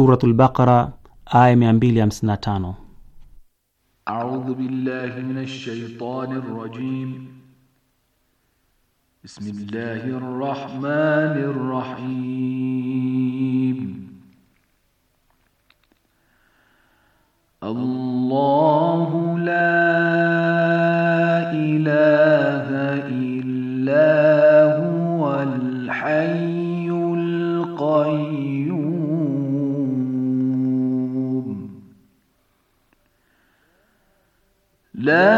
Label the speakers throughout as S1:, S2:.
S1: Suratul Baqara aya mia mbili tano.
S2: A'udhu billahi minash shaitanir rajim. Bismillahir rahmanir rahim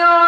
S2: خيرا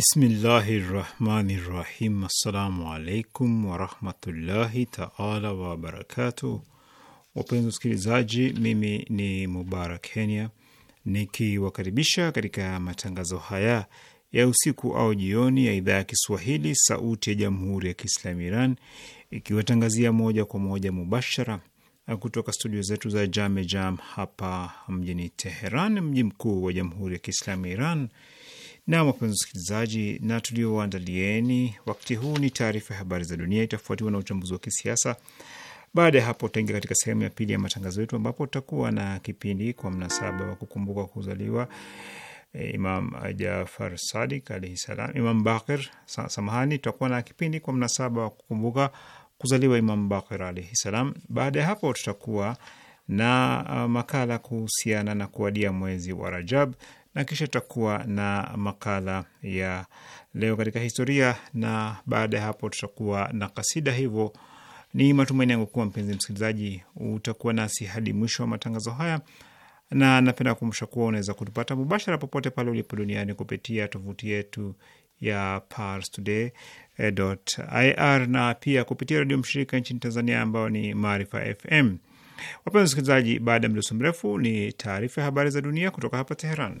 S3: Bismillahi rahmani rahim. Assalamu alaikum warahmatullahi taala wabarakatu Wapenzi wasikilizaji, mimi ni Mubarak Kenya nikiwakaribisha katika matangazo haya ya usiku au jioni ya idhaa ya Kiswahili sauti ya jamhuri ya Kiislamu Iran ikiwatangazia moja kwa moja mubashara kutoka studio zetu za Jame Jam hapa mjini Teheran, mji mkuu wa jamhuri ya Kiislamu Iran na wapenzi wasikilizaji, na tulioandalieni wakati huu ni taarifa ya habari za dunia, itafuatiwa na uchambuzi wa kisiasa. Baada ya hapo, utaingia katika sehemu ya pili ya matangazo yetu, ambapo tutakuwa na kipindi kwa mnasaba wa kukumbuka kuzaliwa eh, Imam Jafar Sadik alaihi salam, Imam Bakir sa, samahani, tutakuwa na kipindi kwa mnasaba wa kukumbuka kuzaliwa Imam Bakir alaihi salam. Baada ya hapo, tutakuwa na ah, makala kuhusiana na kuadia mwezi wa Rajab na kisha tutakuwa na makala ya leo katika historia, na baada ya hapo tutakuwa na kasida. Hivyo ni matumaini yangu kuwa mpenzi msikilizaji utakuwa nasi hadi mwisho wa matangazo haya, na napenda kukumbusha kuwa unaweza kutupata mubashara popote pale ulipo duniani kupitia tovuti yetu ya parstoday.ir na pia kupitia redio mshirika nchini Tanzania ambayo ni Maarifa FM. Wapenzi wasikilizaji, baada ya mdoso mrefu ni taarifa ya habari za dunia kutoka hapa Teheran.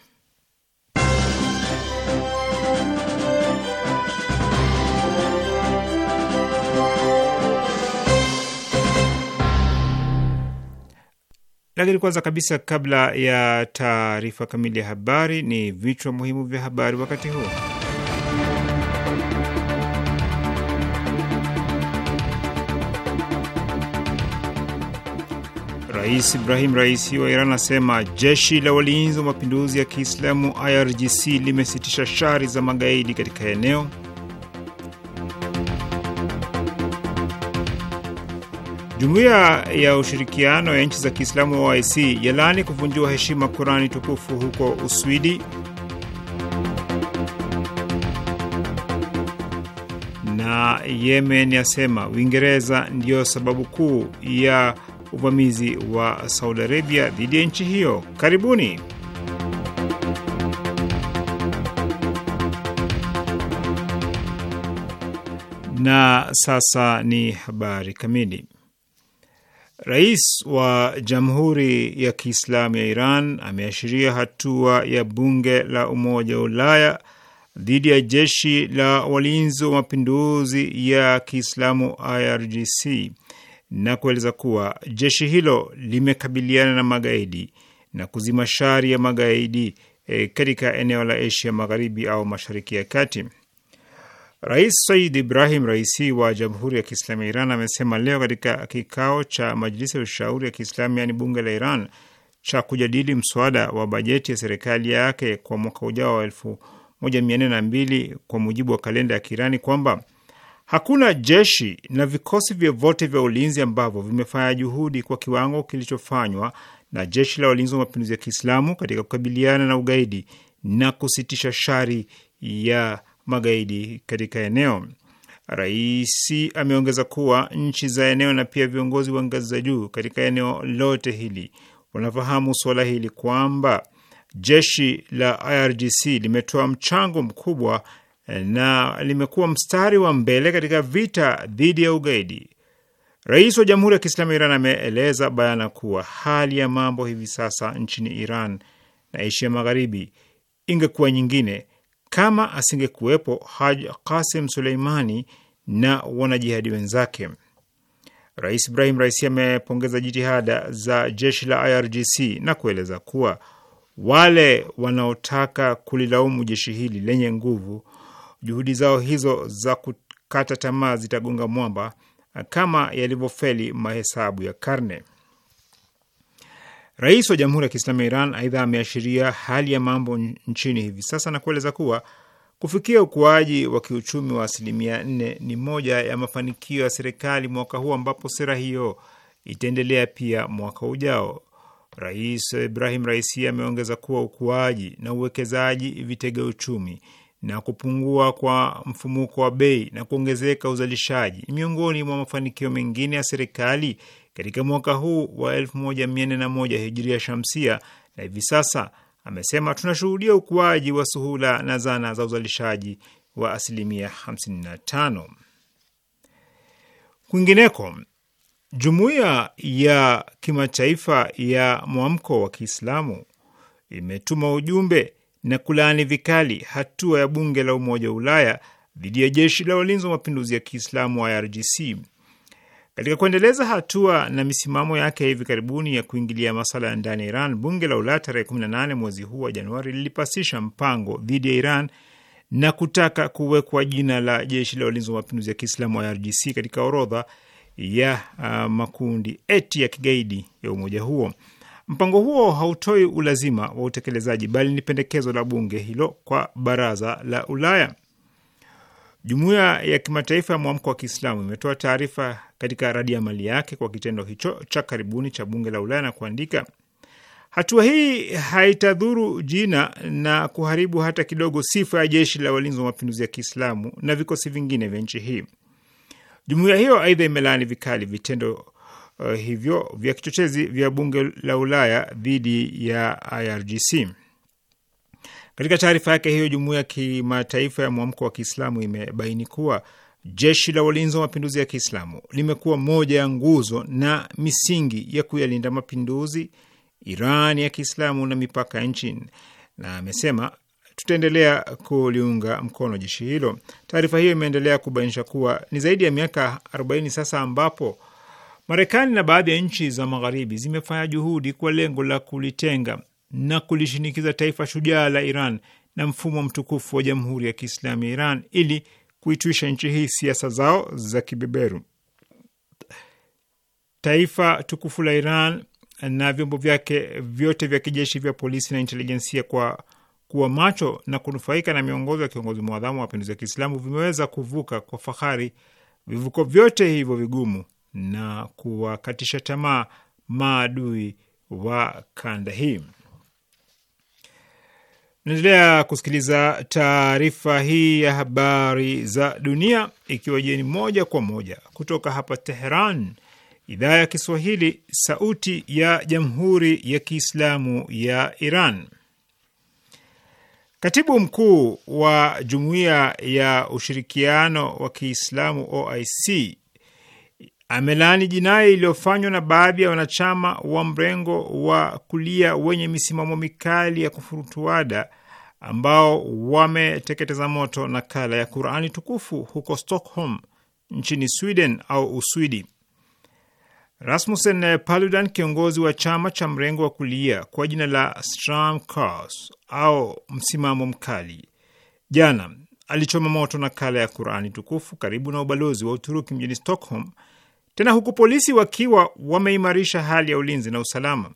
S3: Lakini kwanza kabisa, kabla ya taarifa kamili ya habari, ni vichwa muhimu vya habari wakati huu. Rais Ibrahim Raisi wa Iran anasema jeshi la walinzi wa mapinduzi ya Kiislamu IRGC limesitisha shari za magaidi katika eneo Jumuiya ya ushirikiano ya nchi za Kiislamu OIC yalaani kuvunjiwa heshima Kurani tukufu huko Uswidi, na Yemen yasema Uingereza ndiyo sababu kuu ya uvamizi wa Saudi Arabia dhidi ya nchi hiyo. Karibuni. Na sasa ni habari kamili. Rais wa Jamhuri ya Kiislamu ya Iran ameashiria hatua ya bunge la Umoja wa Ulaya dhidi ya jeshi la walinzi wa mapinduzi ya Kiislamu IRGC na kueleza kuwa jeshi hilo limekabiliana na magaidi na kuzima shari ya magaidi e, katika eneo la Asia Magharibi au Mashariki ya Kati. Rais Said Ibrahim Raisi wa Jamhuri ya Kiislamu ya Iran amesema leo katika kikao cha Majlisi ya Ushauri ya Kiislamu, yaani bunge la Iran, cha kujadili mswada wa bajeti ya serikali yake kwa mwaka ujao wa 1402 kwa mujibu wa kalenda ya Kiirani kwamba hakuna jeshi na vikosi vyovyote vya ulinzi ambavyo vimefanya juhudi kwa kiwango kilichofanywa na jeshi la walinzi wa mapinduzi ya Kiislamu katika kukabiliana na ugaidi na kusitisha shari ya magaidi katika eneo. Raisi ameongeza kuwa nchi za eneo na pia viongozi wa ngazi za juu katika eneo lote hili wanafahamu suala hili kwamba jeshi la IRGC limetoa mchango mkubwa eh, na limekuwa mstari wa mbele katika vita dhidi ya ugaidi. Rais wa Jamhuri ya Kiislamu ya Iran ameeleza bayana kuwa hali ya mambo hivi sasa nchini Iran na Asia Magharibi ingekuwa nyingine kama asingekuwepo Haj Qasim Suleimani na wanajihadi wenzake. Rais Ibrahim Raisi amepongeza jitihada za jeshi la IRGC na kueleza kuwa wale wanaotaka kulilaumu jeshi hili lenye nguvu, juhudi zao hizo za kukata tamaa zitagonga mwamba kama yalivyofeli mahesabu ya karne. Rais wa Jamhuri ya Kiislamu ya Iran aidha ameashiria hali ya mambo nchini hivi sasa na kueleza kuwa kufikia ukuaji wa kiuchumi wa asilimia nne ni moja ya mafanikio ya serikali mwaka huu ambapo sera hiyo itaendelea pia mwaka ujao. Rais Ibrahim Raisi ameongeza kuwa ukuaji na uwekezaji vitega uchumi na kupungua kwa mfumuko wa bei na kuongezeka uzalishaji ni miongoni mwa mafanikio mengine ya serikali katika mwaka huu wa 1401 hijiria shamsia, na hivi sasa amesema tunashuhudia ukuaji wa suhula na zana za uzalishaji wa asilimia 55. Kwingineko, jumuiya ya kimataifa ya mwamko wa Kiislamu imetuma ujumbe na kulaani vikali hatua ya bunge la Umoja wa Ulaya dhidi ya jeshi la walinzi wa mapinduzi ya Kiislamu IRGC katika kuendeleza hatua na misimamo yake hivi karibuni ya kuingilia masala ya ndani ya Iran, bunge la Ulaya tarehe 18 mwezi huu wa Januari lilipasisha mpango dhidi ya Iran na kutaka kuwekwa jina la jeshi la walinzi wa mapinduzi ya Kiislamu wa IRGC katika orodha ya uh, makundi eti ya kigaidi ya umoja huo. Mpango huo hautoi ulazima wa utekelezaji, bali ni pendekezo la bunge hilo kwa baraza la Ulaya. Jumuiya ya kimataifa ya mwamko wa Kiislamu imetoa taarifa katika radi ya mali yake kwa kitendo hicho cha karibuni cha bunge la Ulaya na kuandika, hatua hii haitadhuru jina na kuharibu hata kidogo sifa ya jeshi la walinzi wa mapinduzi ya Kiislamu na vikosi vingine vya nchi hii. Jumuiya hiyo aidha imelaani vikali vitendo uh, hivyo vya kichochezi vya bunge la Ulaya dhidi ya IRGC. Katika taarifa yake hiyo, jumuiya ya kimataifa ya mwamko wa Kiislamu imebaini kuwa jeshi la walinzi wa mapinduzi ya Kiislamu limekuwa moja ya nguzo na misingi ya kuyalinda mapinduzi Iran ya Kiislamu na mipaka ya nchi, na amesema tutaendelea kuliunga mkono jeshi hilo. Taarifa hiyo imeendelea kubainisha kuwa ni zaidi ya miaka 40 sasa ambapo Marekani na baadhi ya nchi za Magharibi zimefanya juhudi kwa lengo la kulitenga na kulishinikiza taifa shujaa la Iran na mfumo mtukufu wa Jamhuri ya Kiislamu ya Iran ili kuitwisha nchi hii siasa zao za kibeberu. Taifa tukufu la Iran na vyombo vyake vyote vya kijeshi, vya polisi na intelijensia, kwa kuwa macho na kunufaika na miongozo ya kiongozi mwadhamu wa mapinduzi ya Kiislamu vimeweza kuvuka kwa fahari vivuko vyote hivyo vigumu na kuwakatisha tamaa maadui wa kanda hii. Naendelea kusikiliza taarifa hii ya habari za dunia ikiwa jeni moja kwa moja kutoka hapa Teheran, idhaa ya Kiswahili, sauti ya jamhuri ya kiislamu ya Iran. Katibu mkuu wa jumuiya ya ushirikiano wa Kiislamu OIC amelaani jinai iliyofanywa na baadhi ya wanachama wa mrengo wa kulia wenye misimamo mikali ya kufurutuada ambao wameteketeza moto nakala ya Qurani tukufu huko Stockholm nchini Sweden au Uswidi. Rasmussen Paludan, kiongozi wa chama cha mrengo wa kulia kwa jina la Stramkurs au msimamo mkali, jana alichoma moto nakala ya Qurani tukufu karibu na ubalozi wa Uturuki mjini Stockholm tena huku polisi wakiwa wameimarisha hali ya ulinzi na usalama.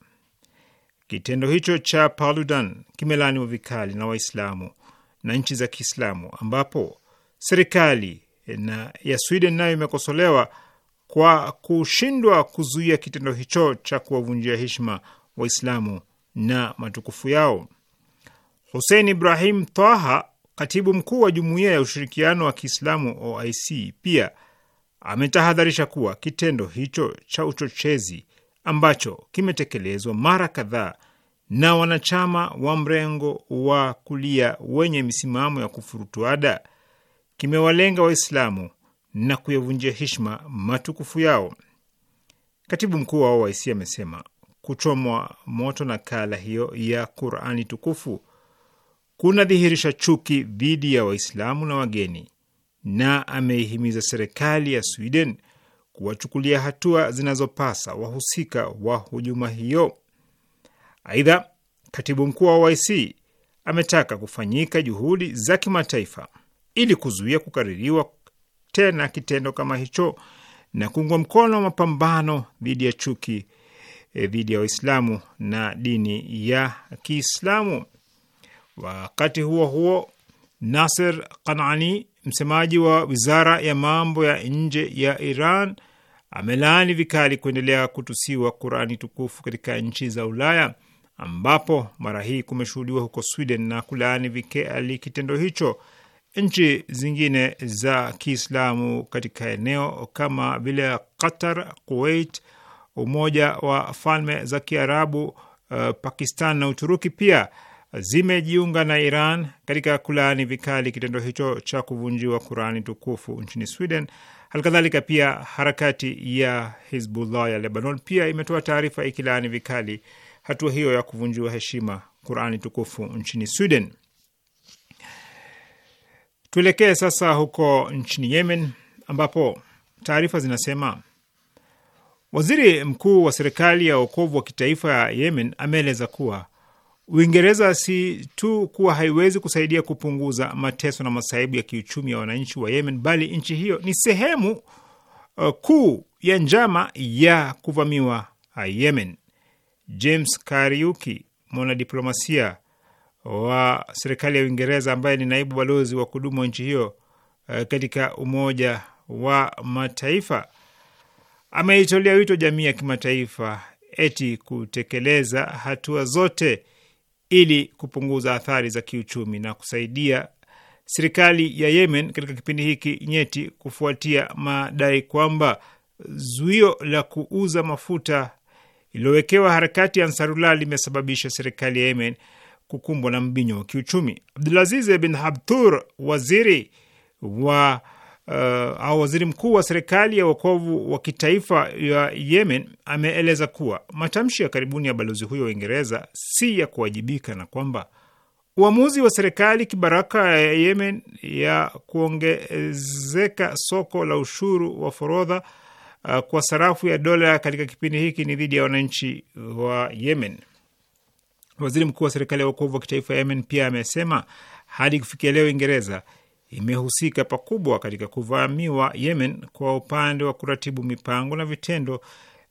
S3: Kitendo hicho cha Paludan kimelaaniwa vikali na Waislamu na nchi za Kiislamu, ambapo serikali na ya Sweden nayo imekosolewa kwa kushindwa kuzuia kitendo hicho cha kuwavunjia heshima Waislamu na matukufu yao. Hussein Ibrahim Taha, katibu mkuu wa Jumuiya ya Ushirikiano wa Kiislamu OIC, pia ametahadharisha kuwa kitendo hicho cha uchochezi ambacho kimetekelezwa mara kadhaa na wanachama wa mrengo wa kulia wenye misimamo ya kufurutuada kimewalenga Waislamu na kuyavunjia heshima matukufu yao. Katibu mkuu wa OIC amesema kuchomwa moto nakala hiyo ya Qurani tukufu kunadhihirisha chuki dhidi ya Waislamu na wageni na ameihimiza serikali ya Sweden kuwachukulia hatua zinazopasa wahusika wa hujuma hiyo. Aidha, katibu mkuu wa OIC ametaka kufanyika juhudi za kimataifa ili kuzuia kukaririwa tena kitendo kama hicho na kuungwa mkono mapambano dhidi ya chuki e, dhidi ya Waislamu na dini ya Kiislamu. Wakati huo huo, Nasser Kanani Msemaji wa wizara ya mambo ya nje ya Iran amelaani vikali kuendelea kutusiwa Qurani tukufu katika nchi za Ulaya, ambapo mara hii kumeshuhudiwa huko Sweden na kulaani vikali kitendo hicho. Nchi zingine za Kiislamu katika eneo kama vile Qatar, Kuwait, Umoja wa Falme za Kiarabu, uh, Pakistan na Uturuki pia zimejiunga na Iran katika kulaani vikali kitendo hicho cha kuvunjiwa Qurani tukufu nchini Sweden. Halikadhalika pia harakati ya Hizbullah ya Lebanon pia imetoa taarifa ikilaani vikali hatua hiyo ya kuvunjiwa heshima Qurani tukufu nchini Sweden. Tuelekee sasa huko nchini Yemen ambapo taarifa zinasema waziri mkuu wa serikali ya uokovu wa kitaifa ya Yemen ameeleza kuwa Uingereza si tu kuwa haiwezi kusaidia kupunguza mateso na masaibu ya kiuchumi ya wananchi wa Yemen, bali nchi hiyo ni sehemu uh, kuu ya njama ya kuvamiwa uh, Yemen. James Kariuki, mwanadiplomasia wa serikali ya Uingereza ambaye ni naibu balozi wa kudumu wa nchi hiyo uh, katika Umoja wa Mataifa, ameitolea wito jamii ya kimataifa eti kutekeleza hatua zote ili kupunguza athari za kiuchumi na kusaidia serikali ya Yemen katika kipindi hiki nyeti, kufuatia madai kwamba zuio la kuuza mafuta iliyowekewa harakati ya Ansarullah limesababisha serikali ya Yemen kukumbwa na mbinyo wa kiuchumi. Abdulaziz bin Habtur, waziri wa uh, au waziri mkuu wa serikali ya wokovu wa kitaifa ya Yemen ameeleza kuwa matamshi ya karibuni ya balozi huyo wa Uingereza si ya kuwajibika na kwamba uamuzi wa serikali kibaraka ya Yemen ya kuongezeka soko la ushuru wa forodha uh, kwa sarafu ya dola katika kipindi hiki ni dhidi ya wananchi wa Yemen. Waziri mkuu wa serikali ya wokovu wa kitaifa ya Yemen pia amesema hadi kufikia leo Uingereza imehusika pakubwa katika kuvamiwa Yemen kwa upande wa kuratibu mipango na vitendo,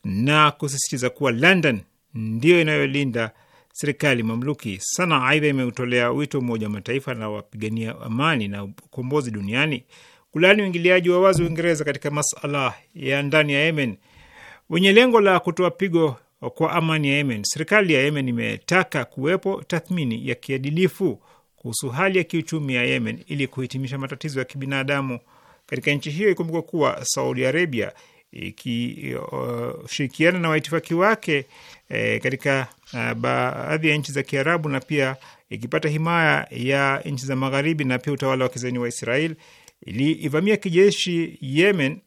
S3: na kusisitiza kuwa London ndiyo inayolinda serikali mamluki. Sana aidha, imeutolea wito Umoja wa Mataifa na wapigania amani na ukombozi duniani kulaani uingiliaji wa wazi Uingereza katika masala ya ndani ya Yemen wenye lengo la kutoa pigo kwa amani ya Yemen. Serikali ya Yemen imetaka kuwepo tathmini ya kiadilifu kuhusu hali ya kiuchumi ya Yemen ili kuhitimisha matatizo ya kibinadamu katika nchi hiyo. Ikumbukwa kuwa Saudi Arabia ikishirikiana uh, na waitifaki wake eh, katika uh, baadhi ya nchi za Kiarabu na pia ikipata himaya ya nchi za Magharibi na pia utawala wa kizaini wa Israel iliivamia kijeshi Yemen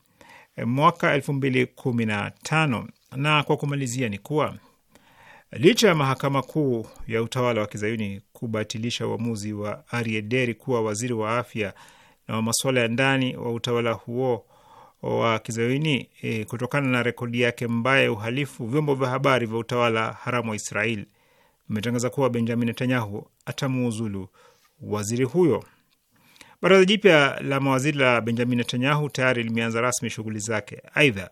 S3: e, mwaka elfu mbili kumi na tano. Na kwa kumalizia ni kuwa Licha ya mahakama kuu ya utawala wa kizayuni kubatilisha uamuzi wa Ariederi kuwa waziri wa afya na wa masuala ya ndani wa utawala huo wa kizayuni e, kutokana na rekodi yake mbaya ya uhalifu, vyombo vya habari vya utawala haramu wa Israel vimetangaza kuwa Benjamin Netanyahu atamuuzulu waziri huyo. Baraza jipya la mawaziri la Benjamin Netanyahu tayari limeanza rasmi shughuli zake. Aidha,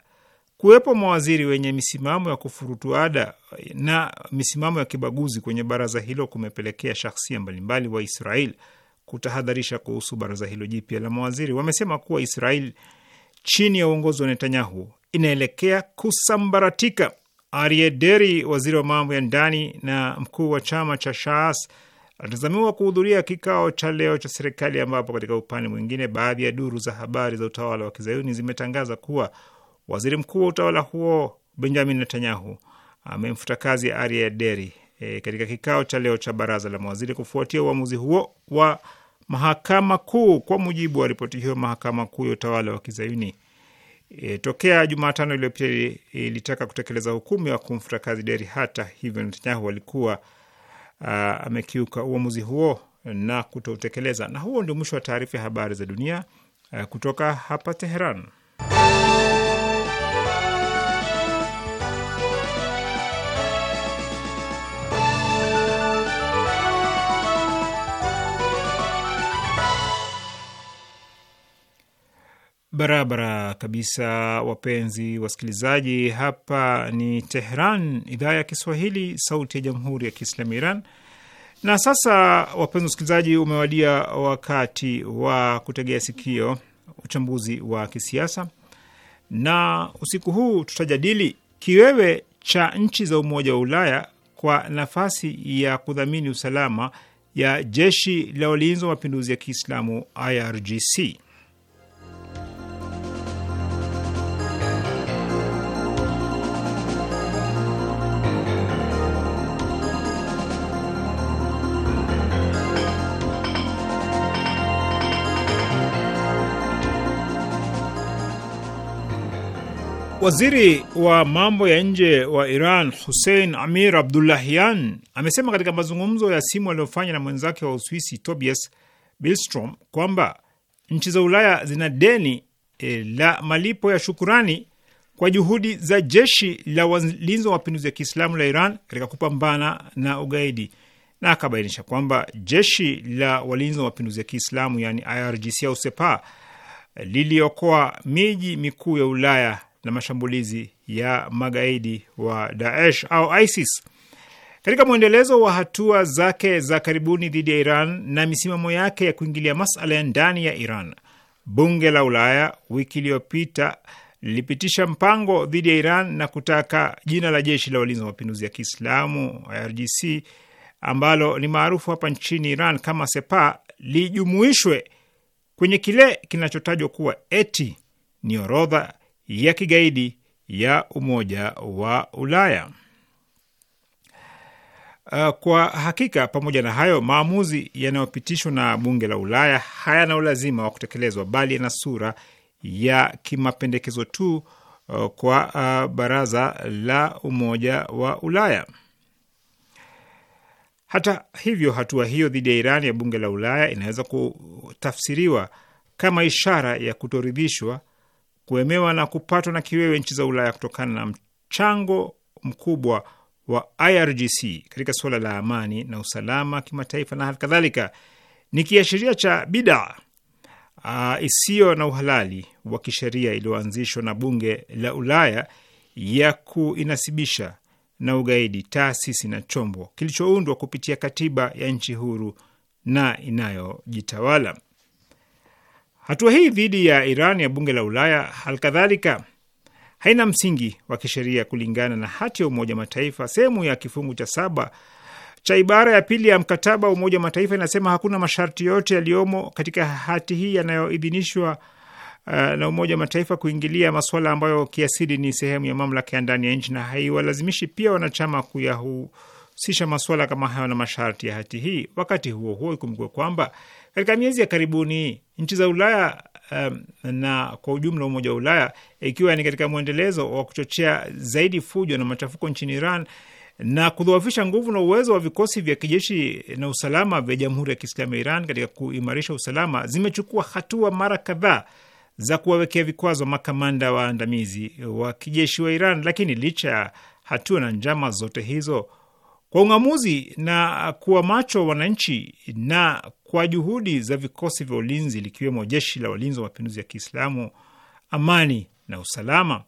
S3: kuwepo mawaziri wenye misimamo ya kufurutuada na misimamo ya kibaguzi kwenye baraza hilo kumepelekea shahsia mbalimbali wa Israel kutahadharisha kuhusu baraza hilo jipya la mawaziri. Wamesema kuwa Israel chini ya uongozi wa Netanyahu inaelekea kusambaratika. Arie Deri, waziri wa mambo ya ndani na mkuu wa chama cha Shaas, anatazamiwa kuhudhuria kikao cha leo cha serikali, ambapo katika upande mwingine, baadhi ya duru za habari za utawala wa kizayuni zimetangaza kuwa Waziri mkuu wa utawala huo Benjamin Netanyahu amemfuta kazi Aryeh Deri e, katika kikao cha leo cha baraza la mawaziri kufuatia uamuzi huo wa mahakama kuu. Kwa mujibu wa ripoti hiyo, mahakama kuu ya utawala wa kizayuni e, tokea Jumatano iliyopita ilitaka kutekeleza hukumu ya kumfuta kazi Deri. Hata hivyo, Netanyahu alikuwa amekiuka uamuzi huo na kutoutekeleza. Na huo ndio mwisho wa taarifa ya habari za dunia a, kutoka hapa Teheran. Barabara kabisa, wapenzi wasikilizaji, hapa ni Tehran, idhaa ya Kiswahili, sauti ya jamhuri ya kiislamu Iran. Na sasa, wapenzi wasikilizaji, umewadia wakati wa kutegea sikio uchambuzi wa kisiasa, na usiku huu tutajadili kiwewe cha nchi za Umoja wa Ulaya kwa nafasi ya kudhamini usalama ya jeshi la walinzi wa mapinduzi ya Kiislamu IRGC. Waziri wa mambo ya nje wa Iran Hussein Amir Abdullahian amesema katika mazungumzo ya simu aliyofanya na mwenzake wa Uswisi Tobias Bilstrom kwamba nchi za Ulaya zina deni e, la malipo ya shukurani kwa juhudi za jeshi la walinzi wa mapinduzi ya Kiislamu la Iran katika kupambana na ugaidi, na akabainisha kwamba jeshi la walinzi wa mapinduzi ya Kiislamu yani IRGC au Sepa liliokoa miji mikuu ya Ulaya na mashambulizi ya magaidi wa Daesh au ISIS. Katika mwendelezo wa hatua zake za karibuni dhidi ya Iran na misimamo yake ya kuingilia masala ya ndani ya Iran, bunge la Ulaya wiki iliyopita lilipitisha mpango dhidi ya Iran na kutaka jina la jeshi la walinzi wa mapinduzi ya Kiislamu IRGC ambalo ni maarufu hapa nchini Iran kama Sepa lijumuishwe kwenye kile kinachotajwa kuwa eti ni orodha ya kigaidi ya Umoja wa Ulaya. Uh, kwa hakika, pamoja na hayo, maamuzi yanayopitishwa na bunge la Ulaya hayana ulazima wa kutekelezwa, bali yana sura ya kimapendekezo tu uh, kwa uh, baraza la Umoja wa Ulaya. Hata hivyo, hatua hiyo dhidi ya Iran ya bunge la Ulaya inaweza kutafsiriwa kama ishara ya kutoridhishwa kuemewa na kupatwa na kiwewe nchi za Ulaya kutokana na mchango mkubwa wa IRGC katika suala la amani na usalama kimataifa na hali kadhalika ni kiashiria cha bidaa uh, isiyo na uhalali wa kisheria iliyoanzishwa na bunge la Ulaya ya kuinasibisha na ugaidi taasisi na chombo kilichoundwa kupitia katiba ya nchi huru na inayojitawala. Hatua hii dhidi ya Iran ya bunge la Ulaya halikadhalika haina msingi wa kisheria kulingana na hati ya Umoja Mataifa. Sehemu ya kifungu cha saba cha ibara ya pili ya mkataba wa Umoja Mataifa inasema hakuna masharti yote yaliyomo katika hati hii yanayoidhinishwa uh, na Umoja Mataifa kuingilia masuala ambayo kiasili ni sehemu ya mamlaka ya ndani ya nchi na haiwalazimishi pia wanachama kuyahusisha masuala kama hayo na masharti ya hati hii. Wakati huo huo, ikumbukwe kwamba katika miezi ya karibuni nchi za Ulaya um, na kwa ujumla Umoja wa Ulaya, ikiwa ni katika mwendelezo wa kuchochea zaidi fujo na machafuko nchini Iran na kudhoofisha nguvu na uwezo wa vikosi vya kijeshi na usalama vya Jamhuri ya Kiislamu ya Iran katika kuimarisha usalama, zimechukua hatua mara kadhaa za kuwawekea vikwazo makamanda waandamizi wa kijeshi wa Iran. Lakini licha ya hatua na njama zote hizo kwa ung'amuzi na kuwa macho wananchi na kwa juhudi za vikosi vya ulinzi likiwemo jeshi la walinzi wa mapinduzi ya Kiislamu, amani na usalama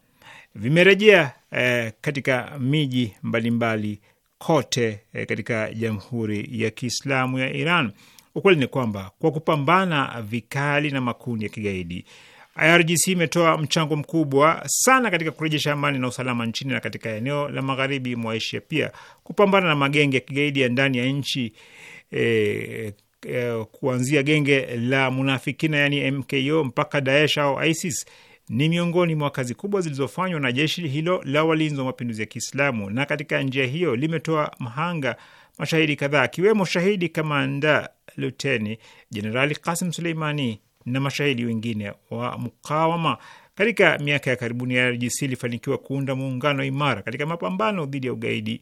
S3: vimerejea eh, katika miji mbalimbali kote eh, katika Jamhuri ya Kiislamu ya Iran. Ukweli ni kwamba kwa kupambana vikali na makundi ya kigaidi IRGC imetoa mchango mkubwa sana katika kurejesha amani na usalama nchini na katika eneo la magharibi mwa Asia, pia kupambana na magenge ya kigaidi ya ndani ya nchi e, e, kuanzia genge la munafikina yani MKO mpaka Daesh au ISIS ni miongoni mwa kazi kubwa zilizofanywa na jeshi hilo la walinzi wa mapinduzi ya Kiislamu, na katika njia hiyo limetoa mhanga mashahidi kadhaa akiwemo shahidi kamanda luteni jenerali Kasim Suleimani na mashahidi wengine wa mukawama. Katika miaka ya karibuni IRGC ilifanikiwa kuunda muungano imara katika mapambano dhidi ya ugaidi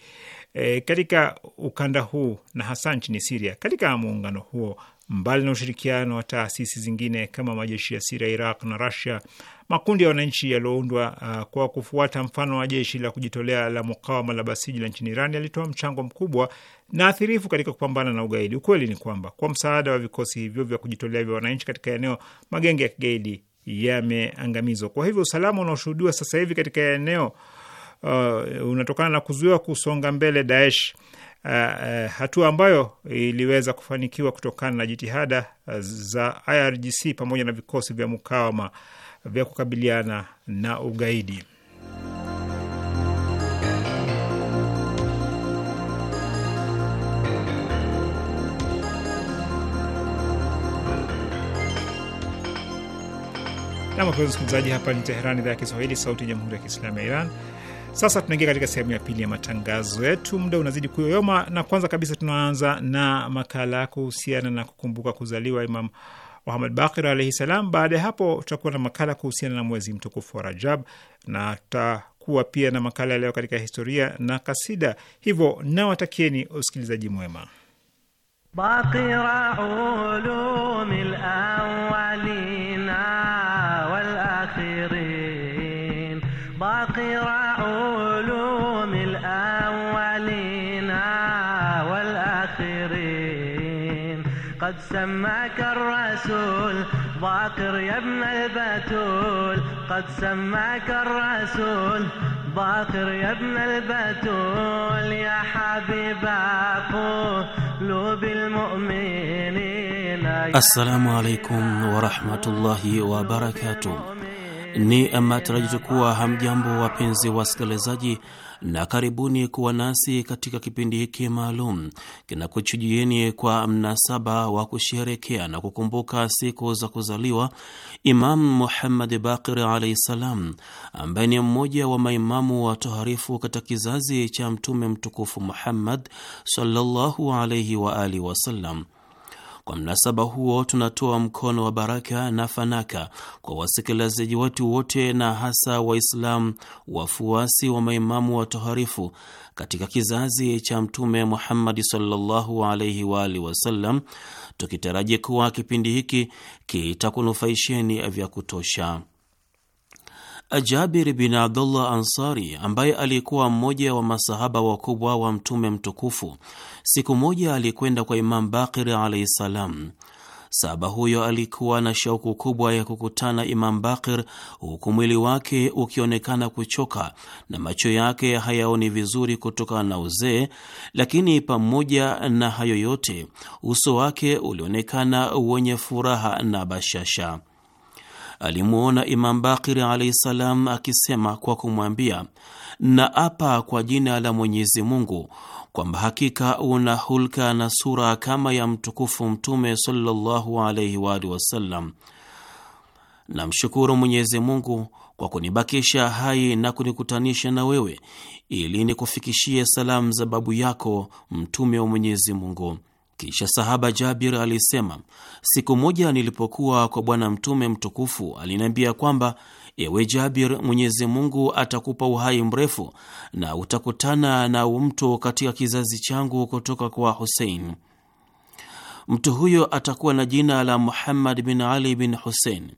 S3: e, katika ukanda huu na hasa nchini Siria. Katika muungano huo, mbali na ushirikiano wa taasisi zingine kama majeshi ya Siria, Iraq na rasia Makundi ya wananchi yaliyoundwa uh, kwa kufuata mfano wa jeshi la kujitolea la mukawama la Basiji la nchini Iran yalitoa mchango mkubwa na athirifu katika kupambana na ugaidi. Ukweli ni kwamba kwa msaada wa vikosi hivyo vya kujitolea vya wananchi katika eneo, magenge ya kigaidi yameangamizwa. Kwa hivyo usalama unaoshuhudiwa sasa hivi katika eneo uh, unatokana na kuzuiwa kusonga mbele Daesh. Uh, uh, hatua ambayo iliweza kufanikiwa kutokana na jitihada uh, za IRGC pamoja na vikosi vya mukawama vya kukabiliana na ugaidi. Namwapenzi msikilizaji, hapa ni Teherani, idhaa ya Kiswahili, sauti ya jamhuri ya kiislamu ya Iran. Sasa tunaingia katika sehemu ya pili ya matangazo yetu, muda unazidi kuyoyoma, na kwanza kabisa tunaanza na makala kuhusiana na kukumbuka kuzaliwa Imam Muhammad Bakir alaihi salam. Baada ya hapo tutakuwa na makala kuhusiana na mwezi mtukufu wa Rajab na tutakuwa pia na makala ya leo katika historia na kasida. Hivyo nawatakieni usikilizaji mwema.
S4: الرسول باقر يا ابن البتول قد سماك الرسول باقر يا ابن البتول يا حبيب قلوب المؤمنين
S1: السلام عليكم ورحمة الله وبركاته Ni matarajio kuwa hamjambo, wapenzi wasikilizaji, na karibuni kuwa nasi katika kipindi hiki maalum kinakuchujieni kwa mnasaba wa kusherekea na kukumbuka siku za kuzaliwa Imamu Muhammad Baqir alaihi salam, ambaye ni mmoja wa maimamu watoharifu katika kizazi cha Mtume mtukufu Muhammad sallallahu alaihi waalihi wasallam kwa mnasaba huo, tunatoa mkono wa baraka na fanaka kwa wasikilizaji wetu wote na hasa Waislamu wafuasi wa maimamu watoharifu katika kizazi cha Mtume Muhammadi sallallahu alaihi waalihi wasallam, tukitarajia kuwa kipindi hiki kitakunufaisheni vya kutosha. Jabir bin Abdullah Ansari, ambaye alikuwa mmoja wa masahaba wakubwa wa Mtume mtukufu, siku moja alikwenda kwa Imam Bakir alaihi salam. Sahaba huyo alikuwa na shauku kubwa ya kukutana Imam Bakir, huku mwili wake ukionekana kuchoka na macho yake hayaoni vizuri kutokana na uzee. Lakini pamoja na hayo yote, uso wake ulionekana wenye furaha na bashasha alimwona Imam Bakiri alaihi salam akisema kwa kumwambia, na apa kwa jina la Mwenyezi Mungu kwamba hakika una hulka na sura kama ya mtukufu Mtume sallallahu alaihi waalihi wasallam. Namshukuru Mwenyezi Mungu kwa kunibakisha hai na kunikutanisha na wewe ili nikufikishie salamu za babu yako Mtume wa Mwenyezi Mungu. Kisha sahaba Jabir alisema, siku moja nilipokuwa kwa Bwana Mtume mtukufu aliniambia kwamba ewe Jabir, Mwenyezi Mungu atakupa uhai mrefu na utakutana na mtu katika kizazi changu kutoka kwa Husein. Mtu huyo atakuwa na jina la Muhammad bin Ali bin Husein.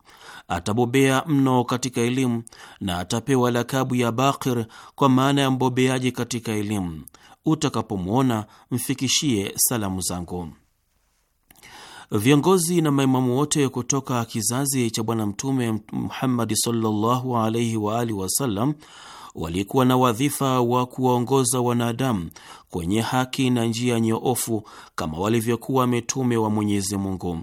S1: Atabobea mno katika elimu na atapewa lakabu ya Bakir, kwa maana ya mbobeaji katika elimu utakapomwona mfikishie salamu zangu. Viongozi na maimamu wote kutoka kizazi cha Bwana Mtume Muhammadi sallallahu alaihi wa alihi wasallam walikuwa na wadhifa wa kuwaongoza wanadamu kwenye haki na njia nyoofu kama walivyokuwa mitume wa Mwenyezi Mungu.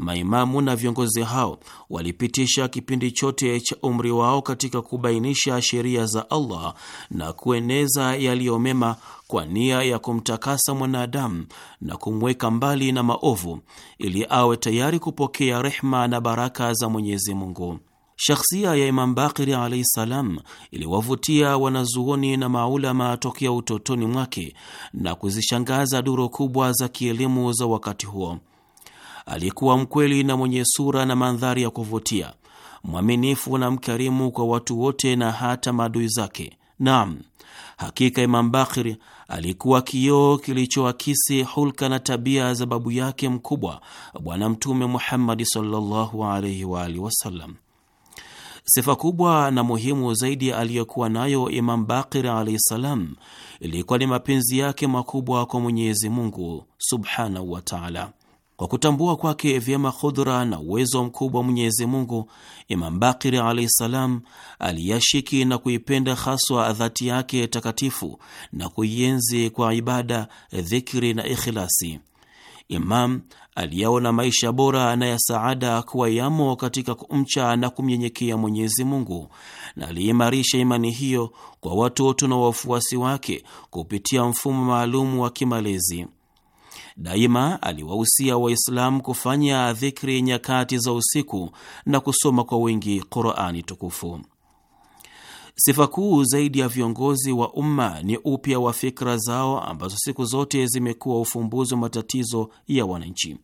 S1: Maimamu na viongozi hao walipitisha kipindi chote cha umri wao katika kubainisha sheria za Allah na kueneza yaliyomema kwa nia ya kumtakasa mwanadamu na kumweka mbali na maovu ili awe tayari kupokea rehma na baraka za Mwenyezi Mungu. Shakhsia ya Imam Bakiri alaihi salam iliwavutia wanazuoni na maulama tokea utotoni mwake na kuzishangaza duru kubwa za kielimu za wakati huo alikuwa mkweli na mwenye sura na mandhari ya kuvutia, mwaminifu na mkarimu kwa watu wote na hata maadui zake. Naam, hakika Imam Bakir alikuwa kioo kilichoakisi hulka na tabia za babu yake mkubwa Bwana Mtume Muhammadi sallallahu alaihi wa alihi wasallam. Sifa kubwa na muhimu zaidi aliyokuwa nayo Imam Bakir alaihi salam ilikuwa ni mapenzi yake makubwa kwa Mwenyezi Mungu subhanahu wa taala. Kwa kutambua kwake vyema khudhura na uwezo mkubwa wa Mwenyezi Mungu, Imam Bakiri alaihi salam aliyashiki na kuipenda haswa dhati yake takatifu na kuienzi kwa ibada, dhikri na ikhilasi. Imam aliyaona maisha bora na ya saada kuwa yamo katika kumcha na kumnyenyekea Mwenyezi Mungu, na aliimarisha imani hiyo kwa watoto na wafuasi wake kupitia mfumo maalumu wa kimalezi. Daima aliwahusia Waislamu kufanya dhikri nyakati za usiku na kusoma kwa wingi Qurani tukufu. Sifa kuu zaidi ya viongozi wa umma ni upya wa fikra zao ambazo siku zote zimekuwa ufumbuzi wa matatizo ya wananchi.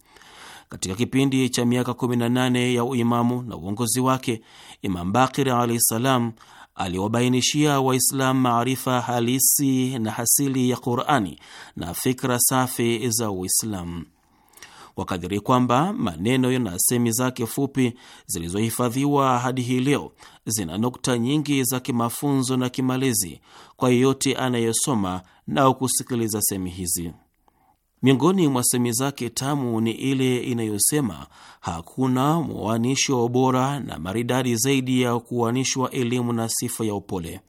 S1: Katika kipindi cha miaka 18 ya uimamu na uongozi wake, Imam Bakir alahi ssalam aliwabainishia Waislamu maarifa halisi na hasili ya Qurani na fikra safi za Uislamu wakadhiri kwamba maneno na semi zake fupi zilizohifadhiwa hadi hii leo zina nukta nyingi za kimafunzo na kimalezi kwa yeyote anayesoma na kusikiliza semi hizi. Miongoni mwa semi zake tamu ni ile inayosema hakuna muanisho bora na maridadi zaidi ya kuanishwa elimu na sifa ya upole.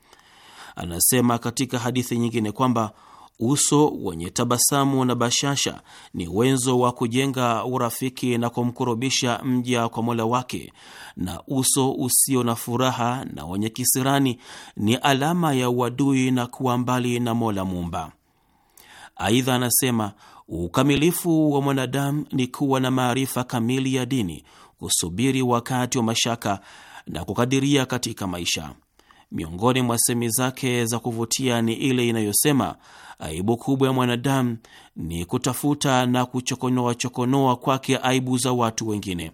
S1: Anasema katika hadithi nyingine kwamba uso wenye tabasamu na bashasha ni wenzo wa kujenga urafiki na kumkurubisha mja kwa Mola wake, na uso usio na furaha na wenye kisirani ni alama ya uadui na kuwa mbali na Mola Muumba. Aidha anasema Ukamilifu wa mwanadamu ni kuwa na maarifa kamili ya dini, kusubiri wakati wa mashaka na kukadiria katika maisha. Miongoni mwa semi zake za kuvutia ni ile inayosema aibu kubwa ya mwanadamu ni kutafuta na kuchokonoa chokonoa kwake aibu za watu wengine.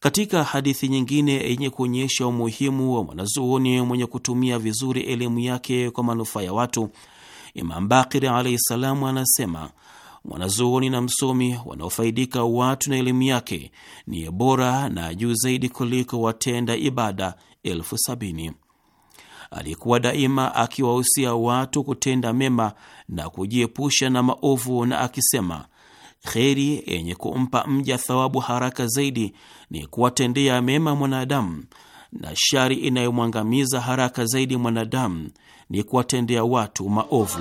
S1: Katika hadithi nyingine yenye kuonyesha umuhimu wa mwanazuoni mwenye kutumia vizuri elimu yake kwa manufaa ya watu, Imam Bakiri alaihi salamu anasema mwanazuoni na msomi wanaofaidika watu na elimu yake ni bora na juu zaidi kuliko watenda ibada elfu sabini. Alikuwa daima akiwahusia watu kutenda mema na kujiepusha na maovu, na akisema kheri yenye kumpa mja thawabu haraka zaidi ni kuwatendea mema mwanadamu, na shari inayomwangamiza haraka zaidi mwanadamu ni kuwatendea watu maovu.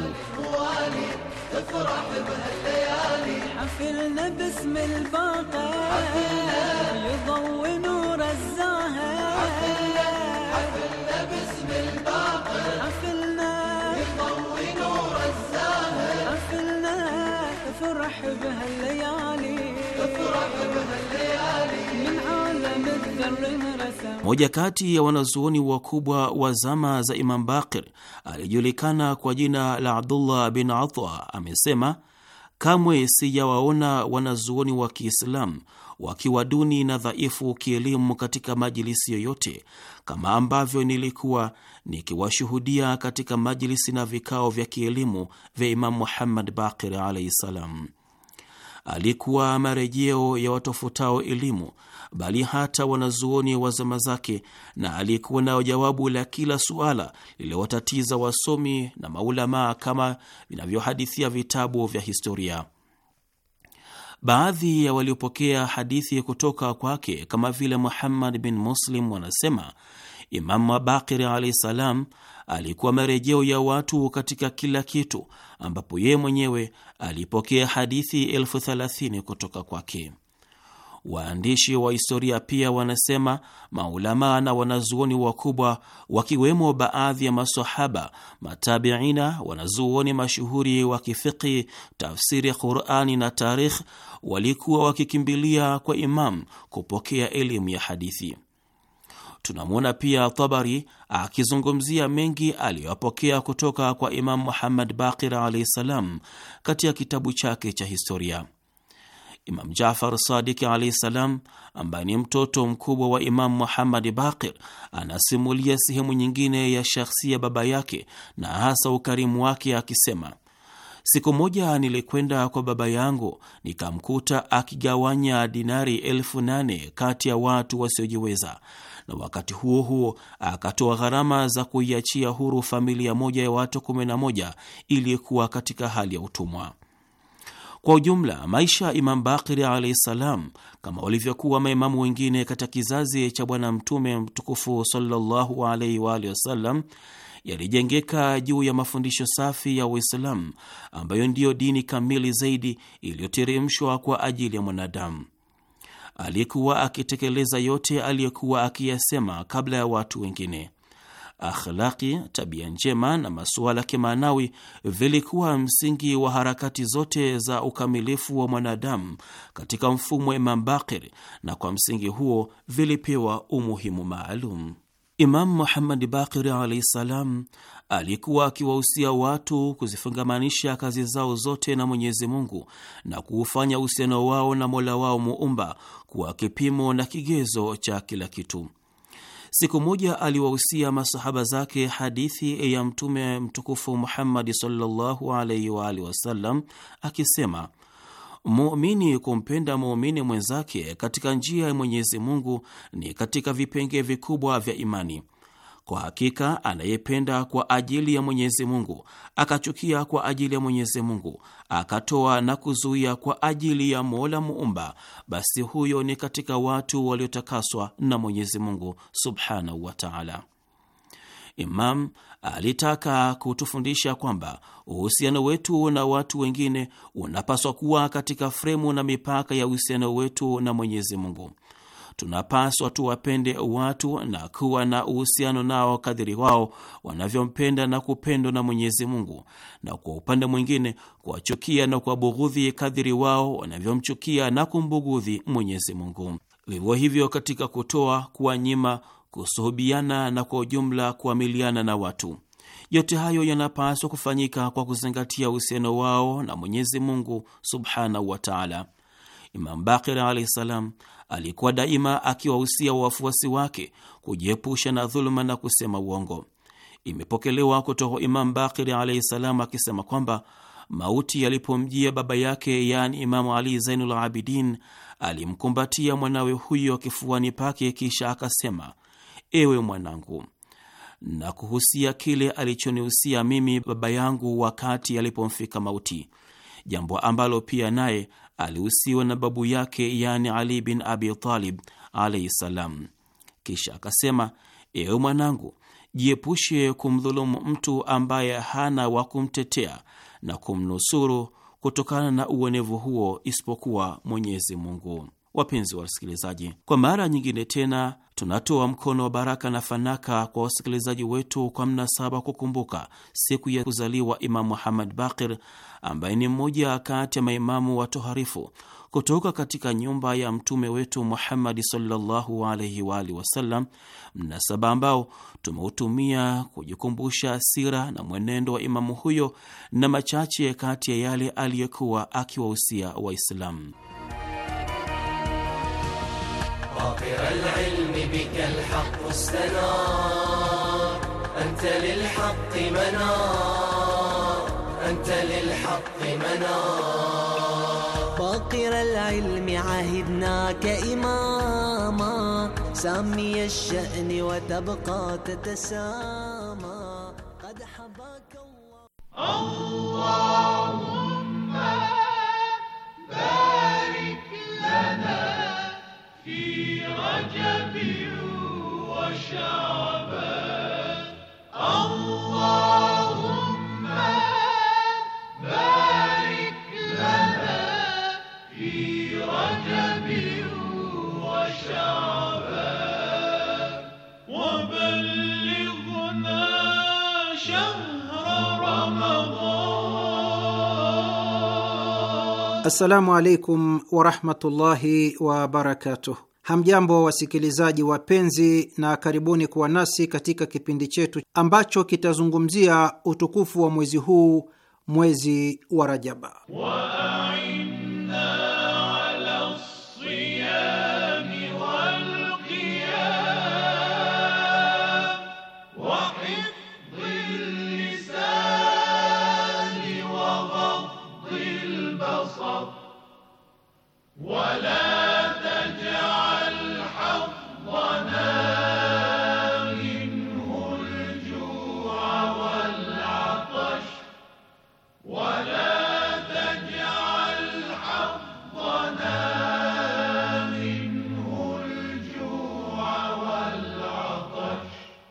S1: Moja kati ya wanazuoni wakubwa wa zama za Imam Bakir aliyejulikana kwa jina la Abdullah bin Atha amesema, kamwe sijawaona wanazuoni wa Kiislamu wakiwa duni na dhaifu kielimu katika majilisi yoyote, kama ambavyo nilikuwa nikiwashuhudia katika majilisi na vikao vya kielimu vya Imamu Muhammad Bakir alaihi salam alikuwa marejeo ya watofutao elimu, bali hata wanazuoni wa zama zake, na alikuwa nayo jawabu la kila suala lililowatatiza wasomi na maulamaa kama vinavyohadithia vitabu vya historia. Baadhi ya waliopokea hadithi kutoka kwake kama vile Muhammad bin Muslim wanasema Imamu Bakiri alaihi salam alikuwa marejeo ya watu katika kila kitu, ambapo yeye mwenyewe alipokea hadithi elfu thelathini kutoka kwake. Waandishi wa historia pia wanasema maulamaa na wanazuoni wakubwa wakiwemo baadhi ya masahaba, matabiina, wanazuoni mashuhuri wa kifiqi tafsiri Qurani na tarikh walikuwa wakikimbilia kwa Imam kupokea elimu ya hadithi. Tunamwona pia Tabari akizungumzia mengi aliyoyapokea kutoka kwa Imamu Muhammad Baqir alaihi ssalam katika kitabu chake cha historia. Imam Jafar Sadiki alaihi ssalam, ambaye ni mtoto mkubwa wa Imamu Muhammad Baqir, anasimulia sehemu nyingine ya shakhsia baba yake na hasa ukarimu wake akisema Siku moja nilikwenda kwa baba yangu nikamkuta akigawanya dinari elfu nane kati ya watu wasiojiweza na wakati huo huo akatoa gharama za kuiachia huru familia moja ya watu 11 iliyokuwa katika hali ya utumwa. Kwa ujumla maisha ya Imam Bakiri alaihi ssalam, kama walivyokuwa maimamu wengine katika kizazi cha Bwana Mtume mtukufu sallallahu alaihi waalihi wasallam, yalijengeka juu ya mafundisho safi ya Uislamu ambayo ndiyo dini kamili zaidi iliyoteremshwa kwa ajili ya mwanadamu aliyekuwa akitekeleza yote aliyekuwa akiyasema kabla ya watu wengine. Akhlaki, tabia njema na masuala kimaanawi vilikuwa msingi wa harakati zote za ukamilifu wa mwanadamu katika mfumo wa Imam Bakir, na kwa msingi huo vilipewa umuhimu maalum. Imamu Muhammadi Bakiri alaihi salam alikuwa akiwahusia watu kuzifungamanisha kazi zao zote na Mwenyezi Mungu na kuufanya uhusiano wao na mola wao muumba kuwa kipimo na kigezo cha kila kitu. Siku moja aliwahusia masahaba zake hadithi ya Mtume mtukufu Muhammadi sallallahu alaihi waalihi wasallam akisema Muumini kumpenda muumini mwenzake katika njia ya Mwenyezi Mungu ni katika vipenge vikubwa vya imani. Kwa hakika anayependa kwa ajili ya Mwenyezi Mungu, akachukia kwa ajili ya Mwenyezi Mungu, akatoa na kuzuia kwa ajili ya Mola Muumba, basi huyo ni katika watu waliotakaswa na Mwenyezi Mungu subhanahu wa taala. Imam alitaka kutufundisha kwamba uhusiano wetu na watu wengine unapaswa kuwa katika fremu na mipaka ya uhusiano wetu na Mwenyezi Mungu. Tunapaswa tuwapende watu na kuwa na uhusiano nao kadhiri wao wanavyompenda na kupendwa na Mwenyezi Mungu, na kwa upande mwingine kuwachukia na kuwabughudhi kadhiri wao wanavyomchukia na kumbughudhi Mwenyezi Mungu. Vivyo hivyo, katika kutoa, kuwanyima kusuhubiana na kwa ujumla kuamiliana na watu. Yote hayo yanapaswa kufanyika kwa kuzingatia uhusiano wao na Mwenyezi Mungu subhanahu wa taala. Imam Bakir alahi salam alikuwa daima akiwahusia wafuasi wake kujiepusha na dhuluma na kusema uongo. Imepokelewa kutoka Imam Bakir alahi salam akisema kwamba mauti yalipomjia baba yake, yaani Imamu Ali Zainul Abidin, alimkumbatia mwanawe huyo kifuani pake, kisha akasema ewe mwanangu, na kuhusia kile alichonihusia mimi baba yangu wakati alipomfika mauti, jambo ambalo pia naye alihusiwa na babu yake, yani Ali bin Abi Talib alaihi salam. Kisha akasema, ewe mwanangu, jiepushe kumdhulumu mtu ambaye hana wa kumtetea na kumnusuru kutokana na uonevu huo isipokuwa Mwenyezi Mungu. Wapenzi wa wasikilizaji, kwa mara nyingine tena tunatoa mkono wa baraka na fanaka kwa wasikilizaji wetu kwa mnasaba kukumbuka siku ya kuzaliwa Imamu Muhammad Bakir ambaye ni mmoja kati ya maimamu watoharifu kutoka katika nyumba ya mtume wetu Muhammadi sallallahu alaihi wa alihi wasallam, mnasaba ambao tumeutumia kujikumbusha sira na mwenendo wa imamu huyo na machache kati ya yale aliyekuwa akiwahusia Waislamu.
S5: فاطر العلم بك الحق
S4: استنار أنت للحق منار أنت للحق منار فاطر العلم عهدناك إماما سامي الشأن وتبقى تتسامى قد حباك الله اللهم
S5: بارك لنا في رجب وشعبان الله
S6: Assalamu alaikum warahmatullahi wabarakatuh. Hamjambo wasikilizaji wapenzi, na karibuni kuwa nasi katika kipindi chetu ambacho kitazungumzia utukufu wa mwezi huu, mwezi wa Rajaba. Wow.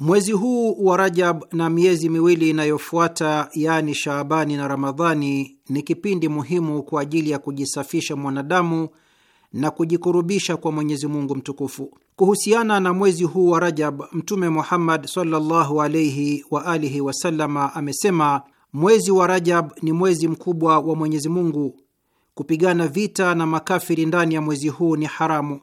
S6: Mwezi huu wa Rajab na miezi miwili inayofuata, yaani Shaabani na Ramadhani, ni kipindi muhimu kwa ajili ya kujisafisha mwanadamu na kujikurubisha kwa Mwenyezi Mungu Mtukufu. Kuhusiana na mwezi huu wa Rajab, Mtume Muhammad sallallahu alaihi wa alihi wasallama amesema, mwezi wa Rajab ni mwezi mkubwa wa Mwenyezi Mungu. Kupigana vita na makafiri ndani ya mwezi huu ni haramu.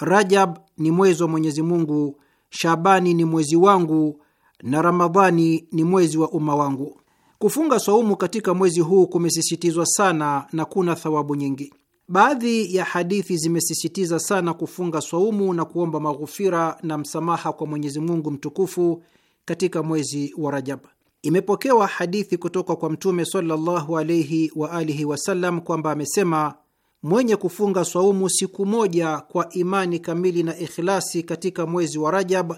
S6: Rajab ni mwezi wa Mwenyezi Mungu Shabani ni mwezi wangu na Ramadhani ni mwezi wa umma wangu. Kufunga saumu katika mwezi huu kumesisitizwa sana na kuna thawabu nyingi. Baadhi ya hadithi zimesisitiza sana kufunga saumu na kuomba maghufira na msamaha kwa Mwenyezi Mungu mtukufu katika mwezi wa Rajab. Imepokewa hadithi kutoka kwa Mtume sallallahu alaihi wa alihi wasallam kwamba amesema mwenye kufunga swaumu siku moja kwa imani kamili na ikhlasi katika mwezi wa Rajab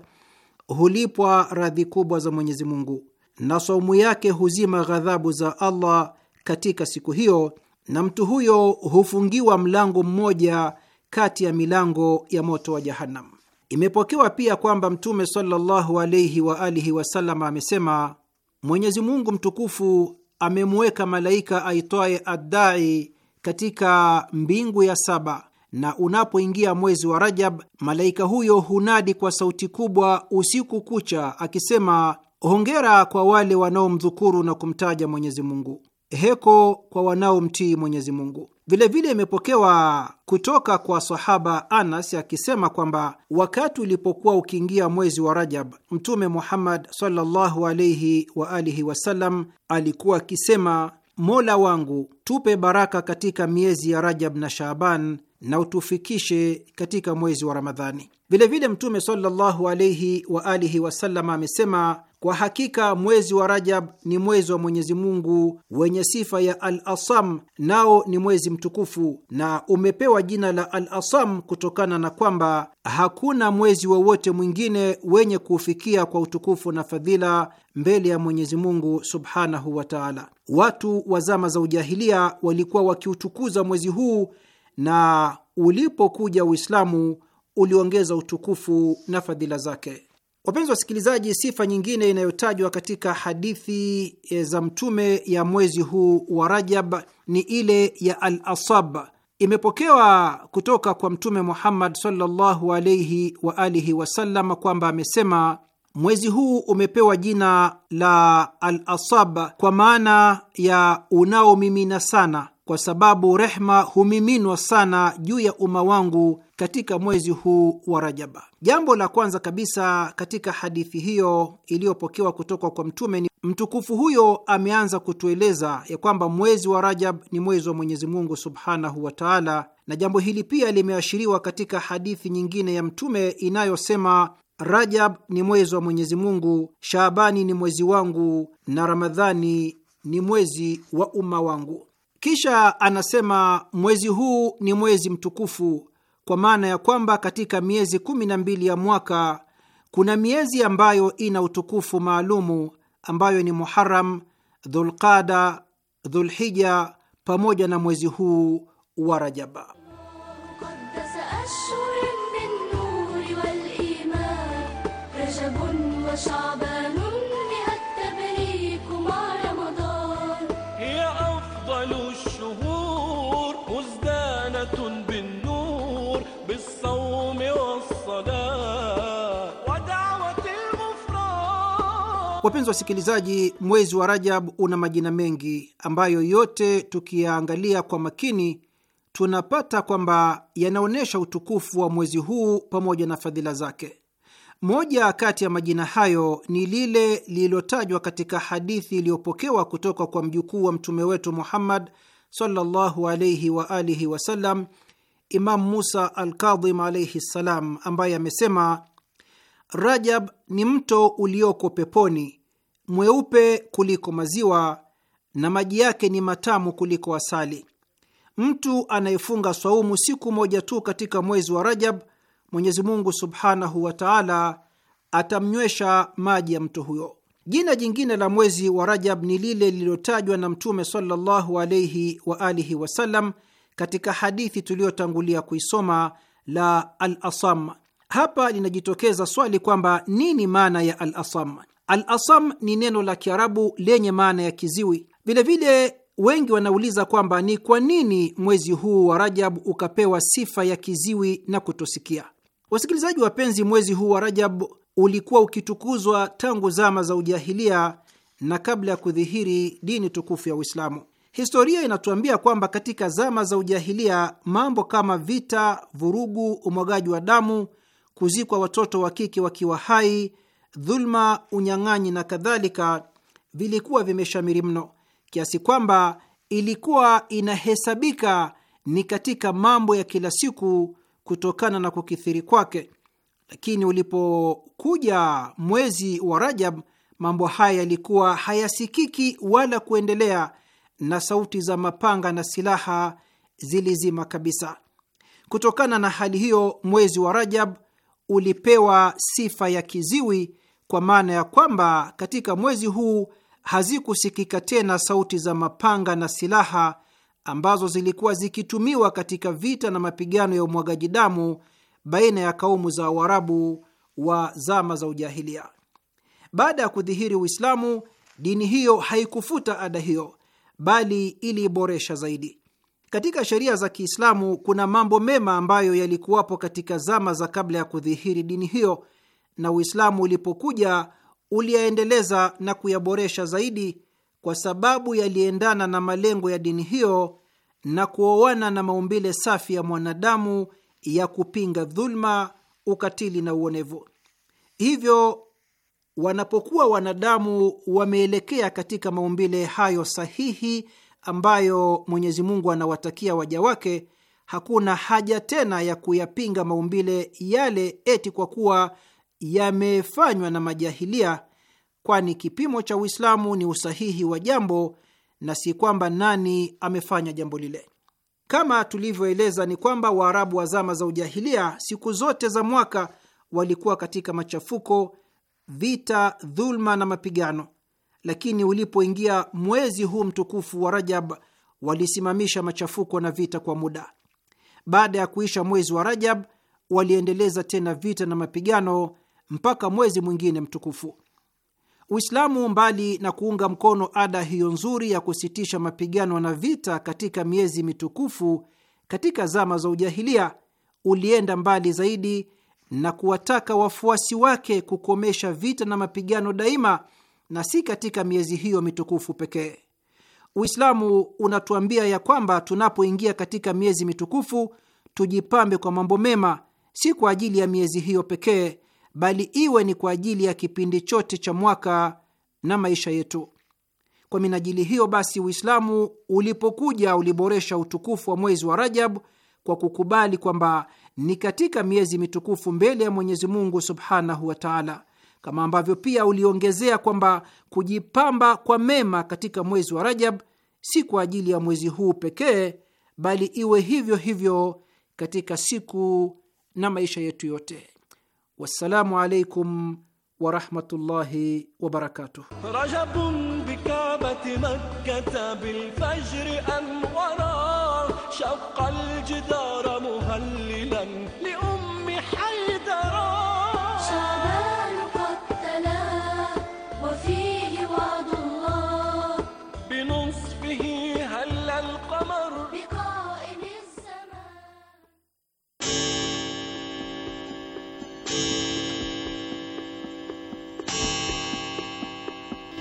S6: hulipwa radhi kubwa za Mwenyezi Mungu, na swaumu yake huzima ghadhabu za Allah katika siku hiyo, na mtu huyo hufungiwa mlango mmoja kati ya milango ya moto wa Jahannam. Imepokewa pia kwamba Mtume sallallahu alaihi wa alihi wasallam amesema, Mwenyezi Mungu mtukufu amemweka malaika aitwaye Addai katika mbingu ya saba, na unapoingia mwezi wa Rajab, malaika huyo hunadi kwa sauti kubwa usiku kucha akisema, hongera kwa wale wanaomdhukuru na kumtaja Mwenyezi Mungu, heko kwa wanaomtii Mwenyezi Mungu. Vilevile imepokewa kutoka kwa sahaba Anas akisema kwamba wakati ulipokuwa ukiingia mwezi wa Rajab, Mtume Muhammad sallallahu alaihi wa alihi wasallam alikuwa akisema Mola wangu, tupe baraka katika miezi ya Rajab na Shaaban na utufikishe katika mwezi wa Ramadhani. Vilevile Mtume sallallahu alaihi wa alihi wasallam amesema, kwa hakika mwezi wa Rajab ni mwezi wa Mwenyezi Mungu wenye sifa ya Al-Asam, nao ni mwezi mtukufu, na umepewa jina la Al-Asam kutokana na kwamba hakuna mwezi wowote mwingine wenye kuufikia kwa utukufu na fadhila mbele ya Mwenyezi Mungu subhanahu wa taala. Watu wa zama za ujahilia walikuwa wakiutukuza mwezi huu na ulipokuja Uislamu uliongeza utukufu na fadhila zake. Wapenzi wasikilizaji, sifa nyingine inayotajwa katika hadithi eh, za Mtume ya mwezi huu wa Rajab ni ile ya al asab. Imepokewa kutoka kwa Mtume Muhammad sallallahu alaihi wasallam kwamba amesema Mwezi huu umepewa jina la Al-Asab kwa maana ya unaomimina sana, kwa sababu rehma humiminwa sana juu ya umma wangu katika mwezi huu wa Rajaba. Jambo la kwanza kabisa katika hadithi hiyo iliyopokewa kutoka kwa Mtume ni mtukufu huyo ameanza kutueleza ya kwamba mwezi wa Rajab ni mwezi wa Mwenyezi Mungu subhanahu wa taala, na jambo hili pia limeashiriwa katika hadithi nyingine ya Mtume inayosema Rajab ni mwezi wa Mwenyezi Mungu, Shaabani ni mwezi wangu, na Ramadhani ni mwezi wa umma wangu. Kisha anasema mwezi huu ni mwezi mtukufu, kwa maana ya kwamba katika miezi kumi na mbili ya mwaka kuna miezi ambayo ina utukufu maalumu, ambayo ni Muharam, Dhulqada, Dhulhija pamoja na mwezi huu wa Rajaba.
S5: وشعبان مئة مع رمضان
S4: هي أفضل الشهور مزدانة بالنور بالصوم والصلاة
S6: Wapenzi wasikilizaji, mwezi wa Rajab una majina mengi ambayo yote tukiyaangalia kwa makini tunapata kwamba yanaonyesha utukufu wa mwezi huu pamoja na fadhila zake. Moja kati ya majina hayo ni lile lililotajwa katika hadithi iliyopokewa kutoka kwa mjukuu wa mtume wetu Muhammad sallallahu alayhi wa alihi wasallam, Imam Musa Alkadhim alaihi ssalam, ambaye amesema Rajab ni mto ulioko peponi, mweupe kuliko maziwa na maji yake ni matamu kuliko asali. Mtu anayefunga swaumu siku moja tu katika mwezi wa Rajab Mwenyezi Mungu subhanahu wa taala atamnywesha maji ya mto huyo. Jina jingine la mwezi wa Rajab ni lile lililotajwa na Mtume sallallahu alaihi wa alihi wasallam katika hadithi tuliyotangulia kuisoma la Al Asam. Hapa linajitokeza swali kwamba nini maana ya Al Asam? Al Asam ni neno la Kiarabu lenye maana ya kiziwi. Vilevile wengi wanauliza kwamba ni kwa nini mwezi huu wa Rajab ukapewa sifa ya kiziwi na kutosikia. Wasikilizaji wapenzi, mwezi huu wa Rajab ulikuwa ukitukuzwa tangu zama za ujahilia na kabla ya kudhihiri dini tukufu ya Uislamu. Historia inatuambia kwamba katika zama za ujahilia mambo kama vita, vurugu, umwagaji wa damu, kuzikwa watoto wa kike wakiwa hai, dhulma, unyang'anyi na kadhalika vilikuwa vimeshamiri mno kiasi kwamba ilikuwa inahesabika ni katika mambo ya kila siku kutokana na kukithiri kwake, lakini ulipokuja mwezi wa Rajab mambo haya yalikuwa hayasikiki wala kuendelea, na sauti za mapanga na silaha zilizima kabisa. Kutokana na hali hiyo, mwezi wa Rajab ulipewa sifa ya kiziwi, kwa maana ya kwamba katika mwezi huu hazikusikika tena sauti za mapanga na silaha ambazo zilikuwa zikitumiwa katika vita na mapigano ya umwagaji damu baina ya kaumu za Waarabu wa zama za ujahilia. Baada ya kudhihiri Uislamu, dini hiyo haikufuta ada hiyo, bali iliiboresha zaidi. Katika sheria za Kiislamu kuna mambo mema ambayo yalikuwapo katika zama za kabla ya kudhihiri dini hiyo, na Uislamu ulipokuja uliyaendeleza na kuyaboresha zaidi kwa sababu yaliendana na malengo ya dini hiyo na kuoana na maumbile safi ya mwanadamu ya kupinga dhuluma, ukatili na uonevu. Hivyo wanapokuwa wanadamu wameelekea katika maumbile hayo sahihi ambayo Mwenyezi Mungu anawatakia waja wake, hakuna haja tena ya kuyapinga maumbile yale eti kwa kuwa yamefanywa na majahilia kwani kipimo cha Uislamu ni usahihi wa jambo na si kwamba nani amefanya jambo lile. Kama tulivyoeleza, ni kwamba Waarabu wa zama za ujahilia siku zote za mwaka walikuwa katika machafuko, vita, dhulma na mapigano, lakini ulipoingia mwezi huu mtukufu wa Rajab walisimamisha machafuko na vita kwa muda. Baada ya kuisha mwezi wa Rajab waliendeleza tena vita na mapigano mpaka mwezi mwingine mtukufu. Uislamu mbali na kuunga mkono ada hiyo nzuri ya kusitisha mapigano na vita katika miezi mitukufu katika zama za ujahilia, ulienda mbali zaidi na kuwataka wafuasi wake kukomesha vita na mapigano daima na si katika miezi hiyo mitukufu pekee. Uislamu unatuambia ya kwamba tunapoingia katika miezi mitukufu tujipambe kwa mambo mema, si kwa ajili ya miezi hiyo pekee bali iwe ni kwa ajili ya kipindi chote cha mwaka na maisha yetu. Kwa minajili hiyo basi, Uislamu ulipokuja uliboresha utukufu wa mwezi wa Rajab kwa kukubali kwamba ni katika miezi mitukufu mbele ya Mwenyezi Mungu subhanahu wa taala, kama ambavyo pia uliongezea kwamba kujipamba kwa mema katika mwezi wa Rajab si kwa ajili ya mwezi huu pekee, bali iwe hivyo hivyo katika siku na maisha yetu yote. والسلام عليكم ورحمة الله وبركاته
S4: رجب بكعبة مكة بالفجر أنورا شق الجدار مهللا
S2: لأم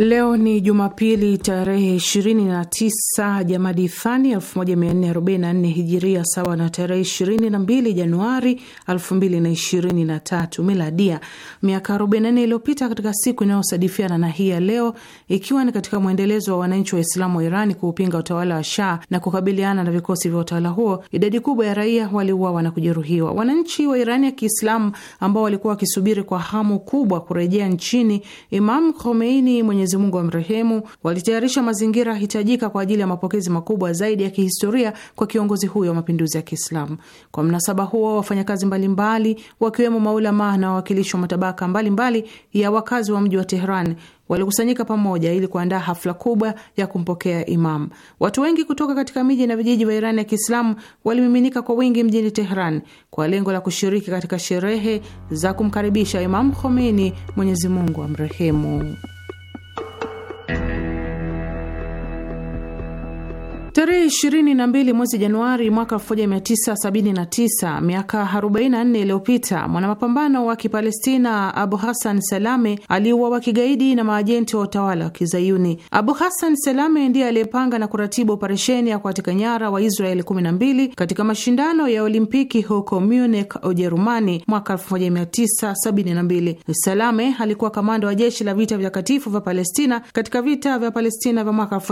S7: Leo ni Jumapili tarehe 29 Jamadi Fani 1444 Hijiria, sawa na tarehe 22 Januari 2023 Miladia. Miaka 44 iliyopita katika siku inayosadifiana na hii ya leo, ikiwa ni katika mwendelezo wa wananchi wa Islamu wa Irani kuupinga utawala wa Shah na kukabiliana na vikosi vya utawala huo, idadi kubwa ya raia waliuawa na kujeruhiwa. Wananchi wa Irani ya Kiislamu ambao walikuwa wakisubiri kwa hamu kubwa kurejea nchini Imam Khomeini, mwenye Mwenyezi Mungu mrehemu, walitayarisha mazingira hitajika kwa ajili ya mapokezi makubwa zaidi ya kihistoria kwa kiongozi huyo wa mapinduzi ya Kiislamu. Kwa mnasaba huo, wafanyakazi mbalimbali wakiwemo maulama na wawakilishi wa matabaka mbalimbali mbali ya wakazi wa mji wa Tehran walikusanyika pamoja ili kuandaa hafla kubwa ya kumpokea Imam. Watu wengi kutoka katika miji na vijiji vya Irani ya Kiislamu walimiminika kwa wingi mjini Tehran kwa lengo la kushiriki katika sherehe za kumkaribisha Imam Khomeini, Mwenyezi Mungu amrehemu. Thank you. Tarehe mbili mwezi Januari mwaka tisa miaka 44 iliyopita, mwanamapambano wa Kipalestina Abu Hassan Salame aliuawa kigaidi na maajenti wa utawala wa Kizayuni. Abu Hassan Salame ndiye aliyepanga na kuratibu operesheni ya kuwateka nyara wa Israeli mbili katika mashindano ya Olimpiki huko Munich, Ujerumani mwaka mbili. Salame alikuwa kamanda wa jeshi la vita vitakatifu vya Palestina katika vita vya Palestina vya mwaka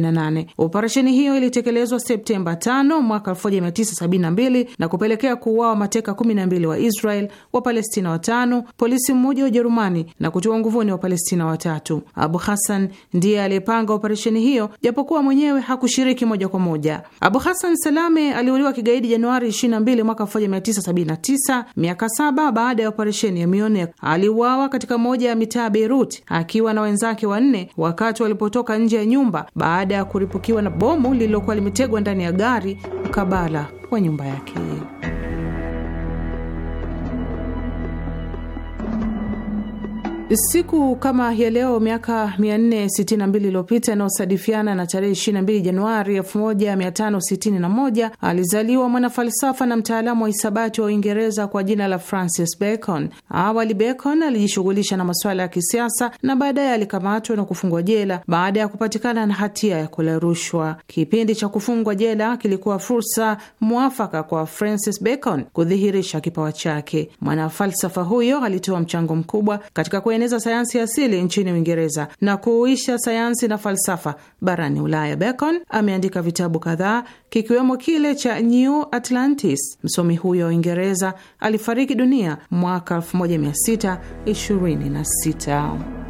S7: nane Operesheni hiyo ilitekelezwa Septemba 5 mwaka 1972 na kupelekea kuuawa mateka 12 wa Israel, wa palestina watano, polisi mmoja wa Ujerumani na kutiwa nguvuni Wapalestina watatu. Abu Hassan ndiye aliyepanga operesheni hiyo japokuwa mwenyewe hakushiriki moja kwa moja. Abu Hassan Salame aliuliwa kigaidi Januari 22 mwaka 1979, miaka saba baada ya operesheni ya Munich. Aliuawa katika moja ya mitaa Beirut akiwa na wenzake wanne wakati walipotoka nje ya nyumba baada ya kuripukiwa na bomu lililokuwa limetegwa ndani ya gari mkabala wa nyumba yake. Siku kama ya leo miaka 462 iliyopita inayosadifiana na tarehe 22 Januari 1561 alizaliwa mwanafalsafa na mtaalamu wa hisabati wa Uingereza kwa jina la Francis Bacon. Awali Bacon alijishughulisha na masuala ya kisiasa na baadaye alikamatwa na kufungwa jela baada ya kupatikana na hatia ya kula rushwa. Kipindi cha kufungwa jela kilikuwa fursa mwafaka kwa Francis Bacon kudhihirisha kipawa chake. Mwanafalsafa huyo alitoa mchango mkubwa katika kueneza kueneza sayansi asili nchini Uingereza na kuuisha sayansi na falsafa barani Ulaya. Bacon ameandika vitabu kadhaa kikiwemo kile cha New Atlantis. Msomi huyo wa Uingereza alifariki dunia mwaka 1626.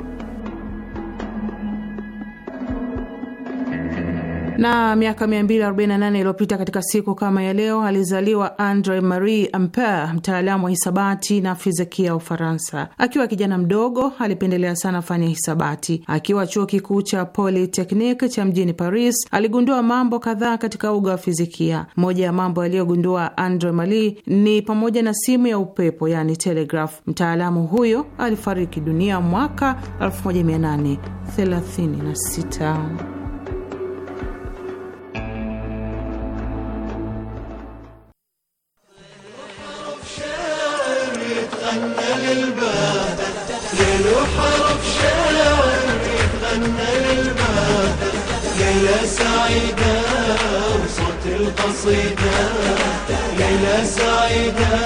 S7: Na miaka 248 iliyopita katika siku kama ya leo alizaliwa Andre Marie Ampere, mtaalamu wa hisabati na fizikia wa Ufaransa. Akiwa kijana mdogo, alipendelea sana fani ya hisabati. Akiwa chuo kikuu cha Polytechnique cha mjini Paris, aligundua mambo kadhaa katika uga wa fizikia. Moja ya mambo aliyogundua Andre Marie ni pamoja na simu ya upepo, yani telegraph. Mtaalamu huyo alifariki dunia mwaka 1836.
S5: عنا الباثر ليلة
S4: سعيدة وصوت القصيدة ليلة سعيدة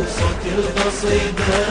S4: وصوت القصيدة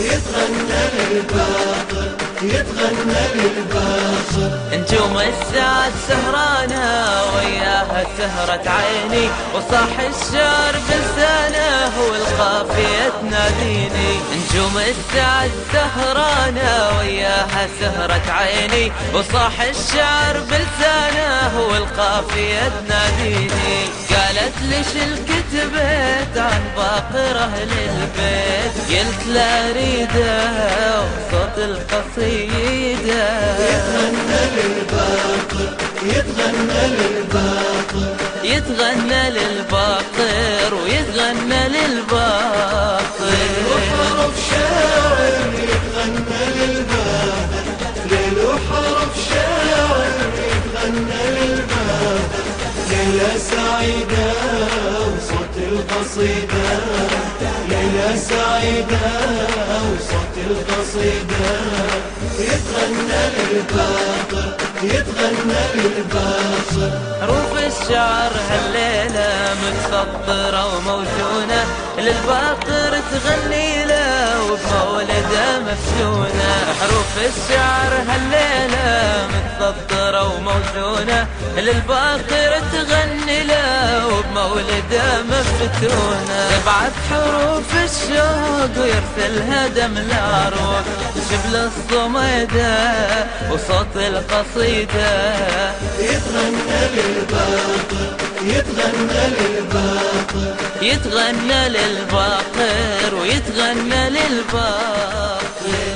S4: يتغنى للباطل يتغنى للباخر نجوم الساعة سهرانة وياها سهرة عيني وصاح الشعر بلسانه والقافية تناديني نجوم الساعة سهرانة وياها سهرة عيني وصاح الشعر بلسانه والقافية تناديني قالت ليش الكتبت عن باقر اهل البيت قلت لا اريدها وصوت القصيدة يتغنى للباقر يتغنى للباقر يتغنى للباقر ويتغنى للباقر وحرف شاعر يتغنى للباقر ليل وحرف شاعر يتغنى للباقر جولة سعيدة وسط القصيدة ليلة سعيدة أوسط القصيدة يتغنى للباقر يتغنى
S5: للباقر
S4: حروف الشعر هالليلة متفطرة وموزونة للباقر تغني له وبمولده مفتونة حروف الشعر هالليلة متفطرة وموزونة للباقر تغني له وبمولده مفتونة سبعة حروف الشوق ويرسل هدم الأروح جبل الصميدة وصوت القصيدة يتغنى للباقر يتغنى للباقر يتغنى للباقر ويتغنى للباقر